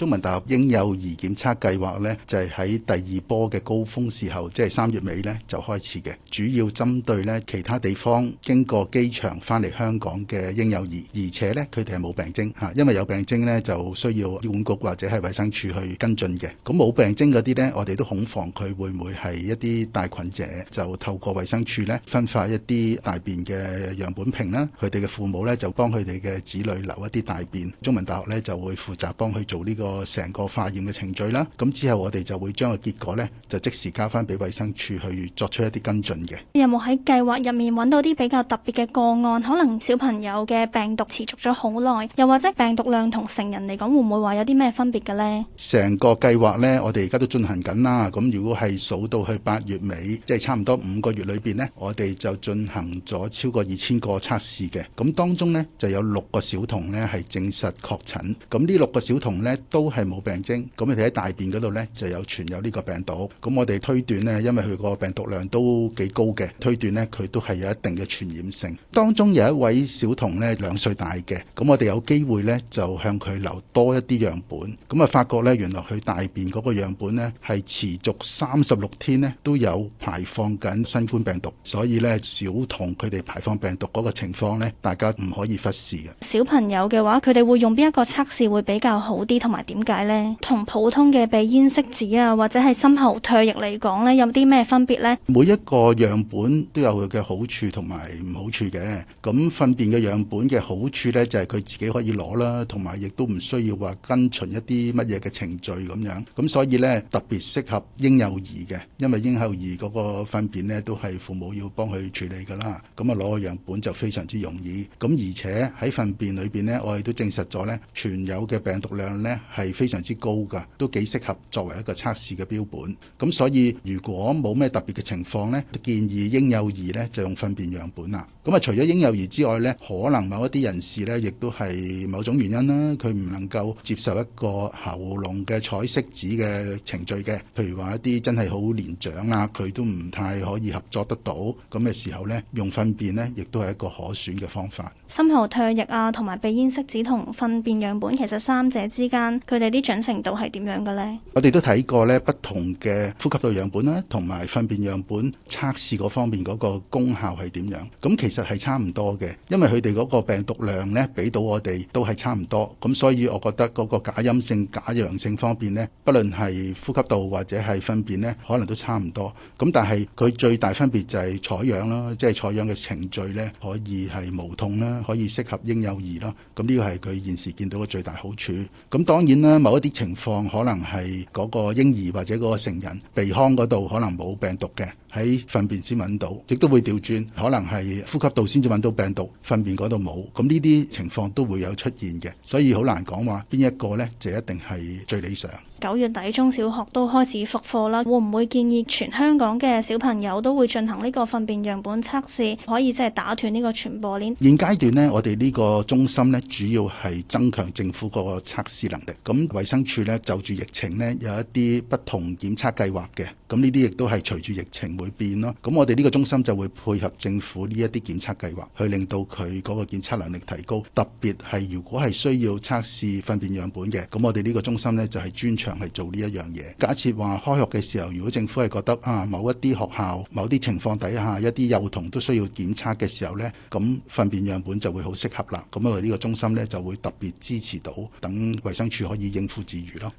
中文大學嬰幼兒檢測計劃呢，就係喺第二波嘅高峰時候，即係三月尾呢，就開始嘅，主要針對呢，其他地方經過機場翻嚟香港嘅嬰幼兒，而且呢，佢哋係冇病徵嚇，因為有病徵呢，就需要醫管局或者係衛生署去跟進嘅。咁冇病徵嗰啲呢，我哋都恐防佢會唔會係一啲帶菌者，就透過衛生署呢分發一啲大便嘅樣本瓶啦，佢哋嘅父母呢，就幫佢哋嘅子女留一啲大便，中文大學呢，就會負責幫佢做呢個個成個化驗嘅程序啦，咁之後我哋就會將個結果呢，就即時交翻俾衛生署去作出一啲跟進嘅。有冇喺計劃入面揾到啲比較特別嘅個案？可能小朋友嘅病毒持續咗好耐，又或者病毒量同成人嚟講，會唔會話有啲咩分別嘅呢？成個計劃呢，我哋而家都進行緊啦。咁如果係數到去八月尾，即係差唔多五個月裏邊呢，我哋就進行咗超過二千個測試嘅。咁當中呢，就有六個小童呢係證實確診。咁呢六個小童呢。都。都係冇病徵，咁你哋喺大便嗰度呢就有存有呢個病毒。咁我哋推斷呢，因為佢個病毒量都幾高嘅，推斷呢佢都係有一定嘅傳染性。當中有一位小童呢，兩歲大嘅，咁我哋有機會呢就向佢留多一啲樣本，咁啊發覺呢，原來佢大便嗰個樣本呢係持續三十六天呢都有排放緊新冠病毒，所以呢，小童佢哋排放病毒嗰個情況呢，大家唔可以忽視嘅。小朋友嘅話，佢哋會用邊一個測試會比較好啲，同埋？點解咧？同普通嘅鼻咽拭子啊，或者係深喉唾液嚟講呢，有啲咩分別呢？每一個樣本都有佢嘅好處同埋唔好處嘅。咁糞便嘅樣本嘅好處呢？就係佢自己可以攞啦，同埋亦都唔需要話跟隨一啲乜嘢嘅程序咁樣。咁所以呢，特別適合嬰幼兒嘅，因為嬰幼兒嗰個糞便呢，都係父母要幫佢處理噶啦。咁啊，攞個樣本就非常之容易。咁而且喺糞便裏邊呢，我哋都證實咗呢，存有嘅病毒量呢。係非常之高㗎，都幾適合作為一個測試嘅標本。咁所以如果冇咩特別嘅情況咧，建議嬰幼兒呢就用糞便樣本啦。咁啊，除咗嬰幼兒之外呢，可能某一啲人士呢亦都係某種原因啦，佢唔能夠接受一個喉嚨嘅採拭子嘅程序嘅，譬如話一啲真係好年長啊，佢都唔太可以合作得到。咁嘅時候呢，用糞便呢亦都係一個可選嘅方法。深喉唾液啊，同埋鼻咽拭子同糞便樣本，其實三者之間。佢哋啲準程度係點樣嘅呢？我哋都睇過咧，不同嘅呼吸道樣本啦，同埋糞便樣本測試嗰方面嗰個功效係點樣？咁其實係差唔多嘅，因為佢哋嗰個病毒量咧，俾到我哋都係差唔多。咁所以，我覺得嗰個假陰性、假陽性方面呢，不論係呼吸道或者係糞便呢，可能都差唔多。咁但係佢最大分別就係採樣啦，即係採樣嘅程序呢，可以係無痛啦，可以適合嬰幼兒啦。咁呢個係佢現時見到嘅最大好處。咁當然。啦，某一啲情況，可能係嗰個嬰兒或者嗰個成人鼻腔嗰度可能冇病毒嘅。喺糞便先揾到，亦都會調轉，可能係呼吸道先至揾到病毒，糞便嗰度冇，咁呢啲情況都會有出現嘅，所以好難講話邊一個呢就一定係最理想。九月底中小學都開始復課啦，會唔會建議全香港嘅小朋友都會進行呢個糞便樣本測試，可以即係打斷呢個傳播鏈？現階段呢，我哋呢個中心呢主要係增強政府個測試能力。咁衞生署呢就住疫情呢有一啲不同檢測計劃嘅，咁呢啲亦都係隨住疫情。咯，咁我哋呢個中心就會配合政府呢一啲檢測計劃，去令到佢嗰個檢測能力提高。特別係如果係需要測試糞便樣本嘅，咁我哋呢個中心呢就係專長去做呢一樣嘢。假設話開學嘅時候，如果政府係覺得啊某一啲學校、某啲情況底下一啲幼童都需要檢測嘅時候呢，咁糞便樣本就會好適合啦。咁我哋呢個中心呢就會特別支持到，等衛生署可以應付自如咯。